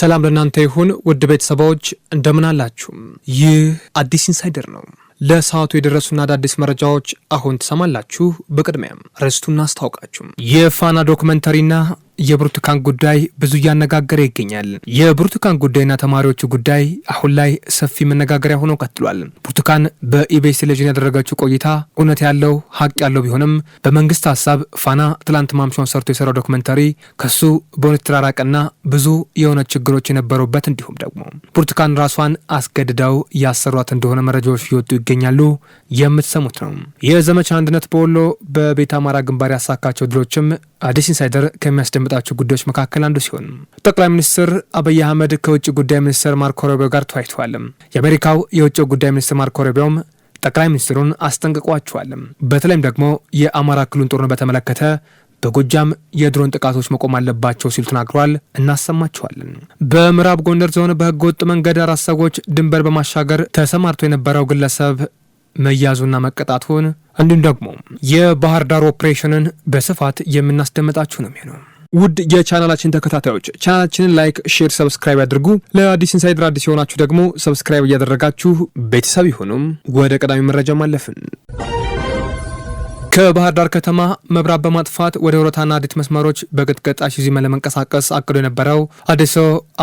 ሰላም ለእናንተ ይሁን ውድ ቤተሰባዎች እንደምን አላችሁ? ይህ አዲስ ኢንሳይደር ነው። ለሰዓቱ የደረሱና አዳዲስ መረጃዎች አሁን ትሰማላችሁ። በቅድሚያም ርዕስቱን አስታውቃችሁ የፋና ዶክመንተሪና የብርቱካን ጉዳይ ብዙ እያነጋገረ ይገኛል። የብርቱካን ጉዳይና ተማሪዎቹ ጉዳይ አሁን ላይ ሰፊ መነጋገሪያ ሆኖ ቀጥሏል። ብርቱካን በኢቢኤስ ቴሌቪዥን ያደረገችው ቆይታ እውነት ያለው ሀቅ ያለው ቢሆንም በመንግስት ሀሳብ ፋና ትላንት ማምሻውን ሰርቶ የሰራው ዶክመንተሪ ከሱ በእውነት የተራራቀና ብዙ የሆነ ችግሮች የነበሩበት እንዲሁም ደግሞ ብርቱካን ራሷን አስገድደው ያሰሯት እንደሆነ መረጃዎች እየወጡ ይገኛሉ። የምትሰሙት ነው። የዘመቻ አንድነት በወሎ በቤተ አማራ ግንባር ያሳካቸው ድሎችም አዲስ ኢንሳይደር ከሚያስደምጥ ከሚያስደምጣቸው ጉዳዮች መካከል አንዱ ሲሆን ጠቅላይ ሚኒስትር አብይ አህመድ ከውጭ ጉዳይ ሚኒስትር ማርኮ ሮቢዮ ጋር ተወያይተዋል። የአሜሪካው የውጭ ጉዳይ ሚኒስትር ማርኮ ሮቢዮም ጠቅላይ ሚኒስትሩን አስጠንቅቋቸዋል። በተለይም ደግሞ የአማራ ክልሉን ጦርነት በተመለከተ በጎጃም የድሮን ጥቃቶች መቆም አለባቸው ሲሉ ተናግረዋል። እናሰማቸዋለን። በምዕራብ ጎንደር ዞን በህገ ወጥ መንገድ አራት ሰዎች ድንበር በማሻገር ተሰማርቶ የነበረው ግለሰብ መያዙና መቀጣቱን እንዲሁም ደግሞ የባህር ዳር ኦፕሬሽንን በስፋት የምናስደምጣችሁ ነው የሚሆነው። ውድ የቻናላችን ተከታታዮች ቻናላችንን ላይክ፣ ሼር፣ ሰብስክራይብ ያድርጉ። ለአዲስ ኢንሳይደር አዲስ የሆናችሁ ደግሞ ሰብስክራይብ እያደረጋችሁ ቤተሰብ ይሁኑም። ወደ ቀዳሚ መረጃ ማለፍን ከባህር ዳር ከተማ መብራት በማጥፋት ወደ ሆረታና አዲት መስመሮች በቅጥቅጥ አሽዚመ ለመንቀሳቀስ አቅዶ የነበረው አዲሶ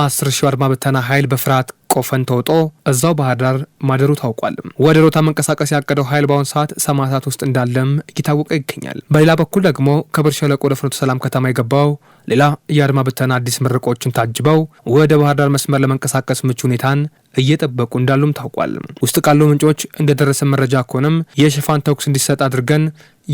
አስር ሺ አድማ ብተና ኃይል በፍርሃት ቆፈን ተውጦ እዛው ባህር ዳር ማደሩ ታውቋል። ወደ ሮታ መንቀሳቀስ ያቀደው ኃይል በአሁኑ ሰዓት ሰማዕታት ውስጥ እንዳለም እየታወቀ ይገኛል። በሌላ በኩል ደግሞ ከብር ሸለቆ ወደ ፍኖተ ሰላም ከተማ የገባው ሌላ የአድማ ብተና አዲስ ምርቆችን ታጅበው ወደ ባህር ዳር መስመር ለመንቀሳቀስ ምቹ ሁኔታን እየጠበቁ እንዳሉም ታውቋል። ውስጥ ካሉ ምንጮች እንደደረሰ መረጃ ከሆነም የሽፋን ተኩስ እንዲሰጥ አድርገን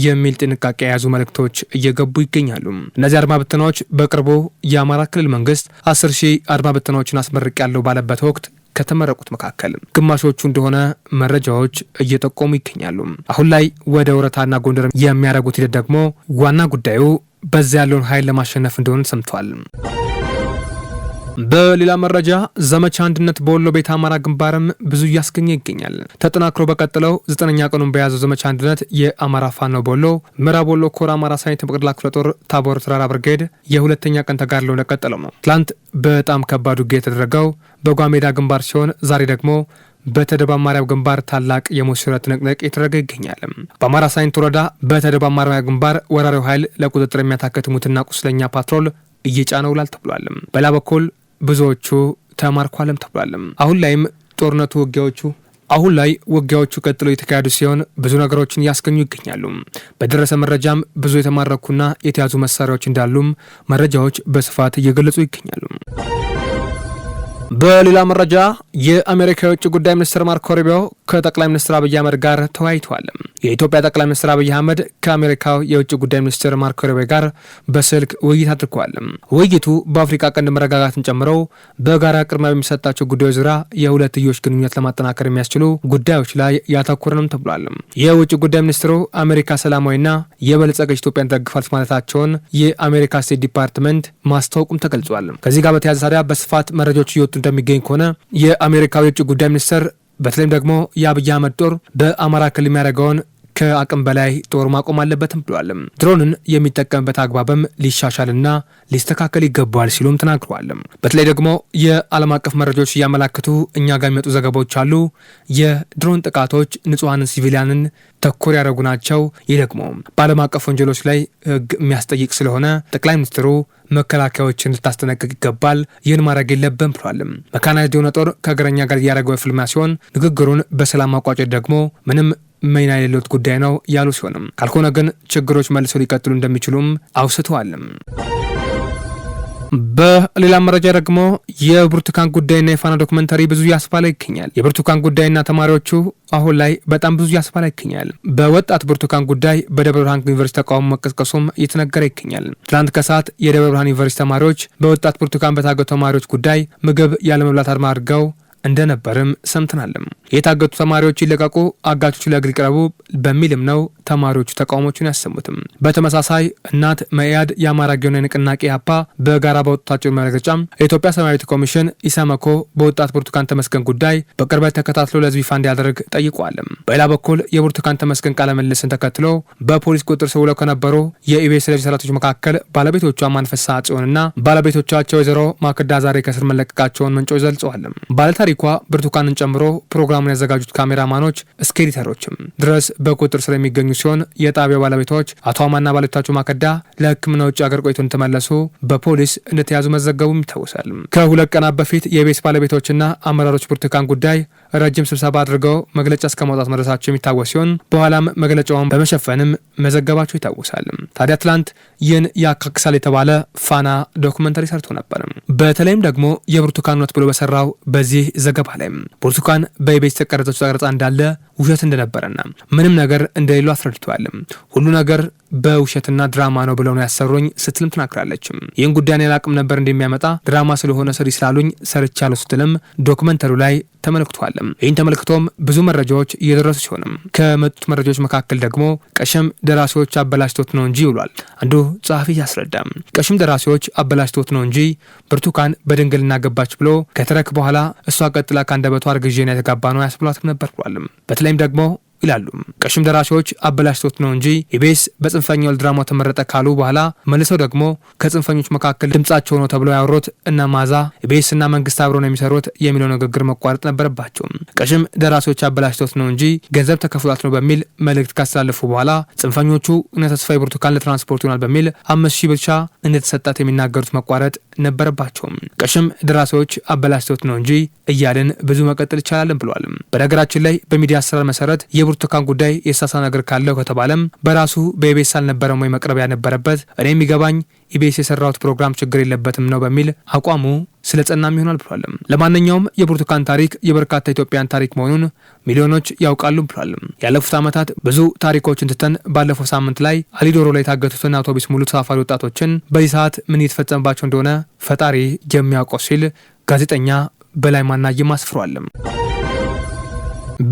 የሚል ጥንቃቄ የያዙ መልእክቶች እየገቡ ይገኛሉ። እነዚህ አድማ ብተናዎች በቅርቡ የአማራ ክልል መንግስት አስር ሺህ አድማ ብተናዎችን አስመርቅ ያለው ባለበት ወቅት ከተመረቁት መካከል ግማሾቹ እንደሆነ መረጃዎች እየጠቆሙ ይገኛሉ። አሁን ላይ ወደ ወረታና ጎንደር የሚያደርጉት ሂደት ደግሞ ዋና ጉዳዩ በዛ ያለውን ኃይል ለማሸነፍ እንደሆነ ሰምቷል። በሌላ መረጃ ዘመቻ አንድነት በወሎ ቤት አማራ ግንባርም ብዙ እያስገኘ ይገኛል። ተጠናክሮ በቀጥለው ዘጠነኛ ቀኑን በያዘው ዘመቻ አንድነት የአማራ ፋኖ በወሎ ምዕራብ ወሎ ኮር አማራ ሳይንት መቅደላ ክፍለ ጦር ታቦር ተራራ ብርጌድ የሁለተኛ ቀን ተጋድሎ እንደቀጠለው ነው። ትላንት በጣም ከባድ ውጊያ የተደረገው በጓሜዳ ግንባር ሲሆን ዛሬ ደግሞ በተደባ ማርያም ግንባር ታላቅ የሞት ሽረት ንቅንቅ የተደረገ ይገኛል። በአማራ ሳይንት ወረዳ በተደባ ማርያም ግንባር ወራሪው ኃይል ለቁጥጥር የሚያታከት ሙትና ቁስለኛ ፓትሮል እየጫነ ውላል ተብሏል። በሌላ በኩል ብዙዎቹ ተማርኳለም ተብሏለም። አሁን ላይም ጦርነቱ ውጊያዎቹ አሁን ላይ ውጊያዎቹ ቀጥሎ የተካሄዱ ሲሆን ብዙ ነገሮችን እያስገኙ ይገኛሉ። በደረሰ መረጃም ብዙ የተማረኩና የተያዙ መሳሪያዎች እንዳሉም መረጃዎች በስፋት እየገለጹ ይገኛሉ። በሌላ መረጃ የአሜሪካ የውጭ ጉዳይ ሚኒስትር ማርኮ ሩቢዮ ከጠቅላይ ሚኒስትር አብይ አህመድ ጋር ተወያይተዋል። የኢትዮጵያ ጠቅላይ ሚኒስትር አብይ አህመድ ከአሜሪካው የውጭ ጉዳይ ሚኒስትር ማርኮ ሩቢዮ ጋር በስልክ ውይይት አድርገዋል። ውይይቱ በአፍሪካ ቀንድ መረጋጋትን ጨምሮ በጋራ ቅድሚያ በሚሰጣቸው ጉዳዮች ዙሪያ የሁለትዮሽ ግንኙነት ለማጠናከር የሚያስችሉ ጉዳዮች ላይ ያተኮረ ነው ተብሏል። የውጭ ጉዳይ ሚኒስትሩ አሜሪካ ሰላማዊና የበለጸገች ኢትዮጵያን ደግፋለች ማለታቸውን የአሜሪካ ስቴት ዲፓርትመንት ማስታወቁም ተገልጿል። ከዚህ ጋር በተያያዘ ታዲያ በስፋት መረጃዎች እየወጡ እንደሚገኝ ከሆነ የአሜሪካው የውጭ ጉዳይ ሚኒስትር በተለይም ደግሞ የአብይ አህመድ ጦር በአማራ ክልል የሚያደርገውን ከአቅም በላይ ጦር ማቆም አለበትም ብሏል። ድሮንን የሚጠቀምበት አግባብም ሊሻሻልና ሊስተካከል ይገባል ሲሉም ተናግረዋል። በተለይ ደግሞ የዓለም አቀፍ መረጃዎች እያመላክቱ እኛ ጋር የሚመጡ ዘገባዎች አሉ። የድሮን ጥቃቶች ንጹሐን ሲቪሊያንን ተኮር ያደረጉ ናቸው። ይህ ደግሞ በዓለም አቀፍ ወንጀሎች ላይ ሕግ የሚያስጠይቅ ስለሆነ ጠቅላይ ሚኒስትሩ መከላከያዎችን ልታስጠነቅቅ ይገባል፣ ይህን ማድረግ የለብን ብሏል። መካናይዝድ የሆነ ጦር ከእግረኛ ጋር እያደረገው ፍልሚያ ሲሆን ንግግሩን በሰላም ማቋጨት ደግሞ ምንም ሚና የሌሎት ጉዳይ ነው ያሉ ሲሆንም ካልሆነ ግን ችግሮች መልሰው ሊቀጥሉ እንደሚችሉም አውስተዋልም። በሌላ መረጃ ደግሞ የብርቱካን ጉዳይና የፋና ዶክመንታሪ ብዙ ያስባላ ይገኛል። የብርቱካን ጉዳይና ተማሪዎቹ አሁን ላይ በጣም ብዙ ያስባላ ይገኛል። በወጣት ብርቱካን ጉዳይ በደብረ ብርሃን ዩኒቨርሲቲ ተቃውሞ መቀስቀሱም እየተነገረ ይገኛል። ትናንት ከሰዓት የደብረ ብርሃን ዩኒቨርሲቲ ተማሪዎች በወጣት ብርቱካን በታገቱ ተማሪዎች ጉዳይ ምግብ ያለመብላት አድማ አድርገው እንደነበርም ሰምተናልም። የታገቱ ተማሪዎች ይለቀቁ፣ አጋቾቹ ለህግ ይቅረቡ በሚልም ነው ተማሪዎቹ ተቃውሞቹን ያሰሙትም። በተመሳሳይ እናት መኢአድ፣ የአማራ ጊዮን ንቅናቄ አፓ በጋራ በወጣቸው መግለጫ የኢትዮጵያ ሰብዓዊ ኮሚሽን ኢሰመኮ በወጣት ብርቱካን ተመስገን ጉዳይ በቅርበት ተከታትሎ ለህዝብ ይፋ እንዲያደርግ ጠይቋል። በሌላ በኩል የብርቱካን ተመስገን ቃለ ምልልስን ተከትሎ በፖሊስ ቁጥር ስር ውለው ከነበሩ የኢቢኤስ ቴሌቪዥን ሰራተኞች መካከል ባለቤቶቿ ማንፈሳ ጽዮንና ባለቤቶቻቸው ወይዘሮ ማክዳ ዛሬ ከስር መለቀቃቸውን ምንጮች ገልጸዋል። ባለታሪኳ ብርቱካንን ጨምሮ ፕሮግራሙን ያዘጋጁት ካሜራማኖች እስከ ድረስ በቁጥር ስር የሚገኙ ሲሆን የጣቢያው ባለቤቶች አቶ አማና ባለቤታቸው ማከዳ ለሕክምና ውጭ አገር ቆይቶ እንደተመለሱ በፖሊስ እንደተያዙ መዘገቡም ይታወሳል። ከሁለት ቀናት በፊት የቤት ባለቤቶችና አመራሮች ብርቱካን ጉዳይ ረጅም ስብሰባ አድርገው መግለጫ እስከ ማውጣት መድረሳቸው የሚታወስ ሲሆን በኋላም መግለጫውን በመሸፈንም መዘገባቸው ይታወሳል። ታዲያ ትላንት ይህን ያካክሳል የተባለ ፋና ዶክመንተሪ ሰርቶ ነበር። በተለይም ደግሞ የብርቱካን ኖት ብሎ በሰራው በዚህ ዘገባ ላይ ብርቱካን በኢቤስ ተቀረጸች ተቀረጻ እንዳለ ውሸት እንደነበረና ምንም ነገር እንደሌሉ አስረድተዋል። ሁሉ ነገር በውሸትና ድራማ ነው ብለው ነው ያሰሩኝ ስትልም ተናግራለችም። ይህን ጉዳይ ላቅም ነበር እንደሚያመጣ ድራማ ስለሆነ ስሪ ስላሉኝ ሰርቻለሁ ስትልም ዶክመንተሪው ላይ ተመልክቷል። ይህን ተመልክቶም ብዙ መረጃዎች እየደረሱ ሲሆንም ከመጡት መረጃዎች መካከል ደግሞ ቀሽም ደራሲዎች አበላሽቶት ነው እንጂ ይውሏል አንዱ ጸሐፊ ያስረዳ። ቀሽም ደራሲዎች አበላሽቶት ነው እንጂ ብርቱካን በድንግልና ገባች ብሎ ከተረክ በኋላ እሷ ቀጥላ ከአንደበቷ እርግዤን የተጋባ ነው ያስብሏትም ነበር ብሏል። ላይም ደግሞ ይላሉ ቀሽም ደራሾች አበላሽቶት ነው እንጂ ኢቤስ በጽንፈኛው ድራማ ተመረጠ ካሉ በኋላ መልሰው ደግሞ ከጽንፈኞች መካከል ድምጻቸው ነው ተብለው ያወሩት እና ማዛ እና መንግስት አብረው ነው የሚሰሩት የሚለው ንግግር መቋረጥ ነበረባቸው። ቀሽም ደራሾች አበላሽቶት ነው እንጂ ገንዘብ ተከፍሏት ነው በሚል መልእክት ካስተላለፉ በኋላ ጽንፈኞቹ እነ ተስፋዬ ብርቱካን ለትራንስፖርት ይሆናል በሚል አምስት ሺህ ብቻ እንደተሰጣት የሚናገሩት መቋረጥ ነበረባቸውም። ቀሽም ደራሲዎች አበላሽተውት ነው እንጂ እያልን ብዙ መቀጠል ይቻላለን ብሏል። በነገራችን ላይ በሚዲያ አሰራር መሰረት የብርቱካን ጉዳይ የሳሳ ነገር ካለው ከተባለም በራሱ በኢቤስ አልነበረም ወይ መቅረብ ያነበረበት። እኔ የሚገባኝ ኢቤስ የሰራሁት ፕሮግራም ችግር የለበትም ነው በሚል አቋሙ ስለ ጸናም ይሆናል ብሏል። ለማንኛውም የብርቱካን ታሪክ የበርካታ ኢትዮጵያን ታሪክ መሆኑን ሚሊዮኖች ያውቃሉ ብሏል። ያለፉት ዓመታት ብዙ ታሪኮችን ትተን ባለፈው ሳምንት ላይ አሊዶሮ ላይ የታገቱትን አውቶቡስ ሙሉ ተሳፋሪ ወጣቶችን በዚህ ሰዓት ምን እየተፈጸመባቸው እንደሆነ ፈጣሪ የሚያውቀው ሲል ጋዜጠኛ በላይ ማናየም አስፍሯል።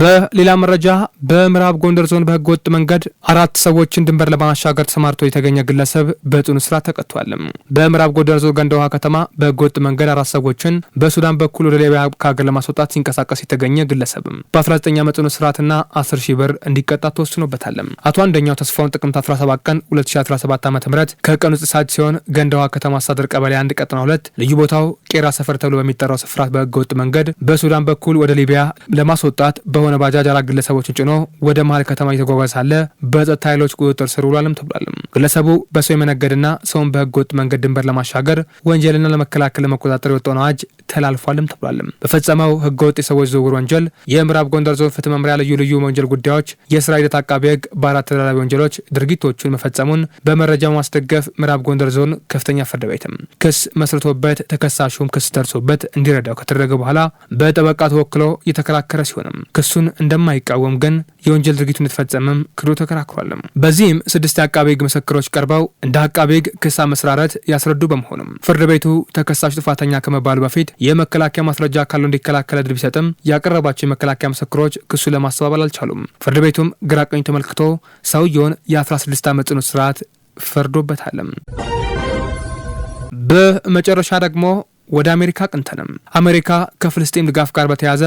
በሌላ መረጃ በምዕራብ ጎንደር ዞን በህገወጥ መንገድ አራት ሰዎችን ድንበር ለማሻገር ተሰማርቶ የተገኘ ግለሰብ በጽኑ እስራት ተቀጥቷል። በምዕራብ ጎንደር ዞን ገንደ ውሃ ከተማ በህገወጥ መንገድ አራት ሰዎችን በሱዳን በኩል ወደ ሊቢያ ከሀገር ለማስወጣት ሲንቀሳቀስ የተገኘ ግለሰብ በ19 ዓመት ጽኑ እስራትና 10 ሺህ ብር እንዲቀጣ ተወስኖበታል። አቶ አንደኛው ተስፋውን ጥቅምት 17 ቀን 2017 ዓ ም ከቀኑ ዘጠኝ ሲሆን ገንደ ውሃ ከተማ አስተዳደር ቀበሌ 1 ቀጥና 2 ልዩ ቦታው ቄራ ሰፈር ተብሎ በሚጠራው ስፍራ በህገወጥ መንገድ በሱዳን በኩል ወደ ሊቢያ ለማስወጣት በሆነ ባጃጅ አራት ግለሰቦችን ጭኖ ወደ መሀል ከተማ እየተጓጓዘ ሳለ በጸጥታ ኃይሎች ቁጥጥር ስር ውሏልም ተብሏልም። ግለሰቡ በሰው የመነገድና ሰውን በህገወጥ መንገድ ድንበር ለማሻገር ወንጀልና ለመከላከል ለመቆጣጠር የወጣውን አዋጅ ተላልፏልም ተብሏልም። በፈጸመው ህገወጥ የሰዎች ዝውውር ወንጀል የምዕራብ ጎንደር ዞን ፍትህ መምሪያ ልዩ ልዩ ወንጀል ጉዳዮች የስራ ሂደት አቃቢ ህግ በአራት ተደራቢ ወንጀሎች ድርጊቶቹን መፈጸሙን በመረጃ ማስደገፍ ምዕራብ ጎንደር ዞን ከፍተኛ ፍርድ ቤትም ክስ መስርቶበት ተከሳሹም ክስ ደርሶበት እንዲረዳው ከተደረገ በኋላ በጠበቃ ተወክሎ እየተከራከረ ሲሆንም ክሱን እንደማይቃወም ግን የወንጀል ድርጊቱ እንደተፈጸመም ክዶ ተከራክሯልም። በዚህም ስድስት የአቃቤ ህግ ምስክሮች ቀርበው እንደ አቃቤ ህግ ክስ አመስራረት ያስረዱ በመሆኑም ፍርድ ቤቱ ተከሳሽ ጥፋተኛ ከመባሉ በፊት የመከላከያ ማስረጃ አካሉ እንዲከላከል ዕድል ቢሰጥም ያቀረባቸው የመከላከያ ምስክሮች ክሱ ለማስተባበል አልቻሉም። ፍርድ ቤቱም ግራ ቀኙ ተመልክቶ ሰውየውን የ16 ዓመት ጽኑ እስራት ፈርዶበታልም። በመጨረሻ ደግሞ ወደ አሜሪካ ቅንተንም አሜሪካ ከፍልስጤም ድጋፍ ጋር በተያያዘ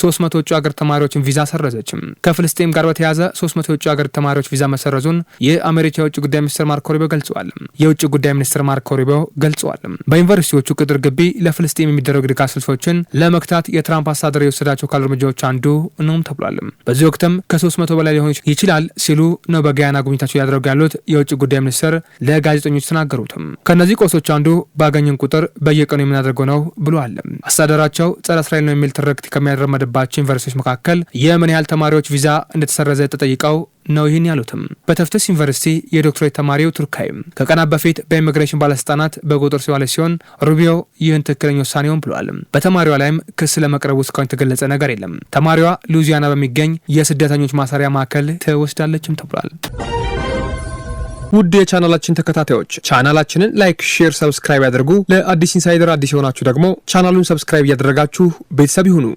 300 የውጭ ሀገር ተማሪዎችን ቪዛ ሰረዘችም። ከፍልስጤም ጋር በተያያዘ 300 የውጭ ሀገር ተማሪዎች ቪዛ መሰረዙን የአሜሪካ የውጭ ጉዳይ ሚኒስትር ማርኮ ሩቢዮ ገልጸዋል። የውጭ ጉዳይ ሚኒስትር ማርኮ ሩቢዮ ገልጸዋል። በዩኒቨርሲቲዎቹ ቅጥር ግቢ ለፍልስጤም የሚደረጉ ድጋፍ ሰልፎችን ለመክታት የትራምፕ አስተዳደር የወሰዳቸው ካሉ እርምጃዎች አንዱ ነውም ተብሏል። በዚህ ወቅትም ከ300 በላይ ሊሆን ይችላል ሲሉ ነው በጋያና ጉብኝታቸው ያደረጉ ያሉት የውጭ ጉዳይ ሚኒስትር ለጋዜጠኞች ተናገሩትም። ከእነዚህ ቆሶች አንዱ ባገኘን ቁጥር በየቀኑ የምናደርገው ነው ብሎ አለ። አስተዳደራቸው ጸረ እስራኤል ነው የሚል ትርክት ከሚያደረመ ከሚፈረድባቸው ዩኒቨርሲቲዎች መካከል የምን ያህል ተማሪዎች ቪዛ እንደተሰረዘ ተጠይቀው ነው ይህን ያሉትም። በተፍተስ ዩኒቨርሲቲ የዶክትሬት ተማሪው ቱርካይ ከቀናት በፊት በኢሚግሬሽን ባለስልጣናት በቁጥር ሲዋለ ሲሆን ሩቢዮ ይህን ትክክለኛ ውሳኔውን ብሏል። በተማሪዋ ላይም ክስ ለመቅረቡ እስካሁን የተገለጸ ነገር የለም። ተማሪዋ ሉዚያና በሚገኝ የስደተኞች ማሰሪያ ማዕከል ትወስዳለችም ተብሏል። ውድ የቻናላችን ተከታታዮች ቻናላችንን ላይክ፣ ሼር፣ ሰብስክራይብ ያድርጉ። ለአዲስ ኢንሳይደር አዲስ የሆናችሁ ደግሞ ቻናሉን ሰብስክራይብ እያደረጋችሁ ቤተሰብ ይሁኑ።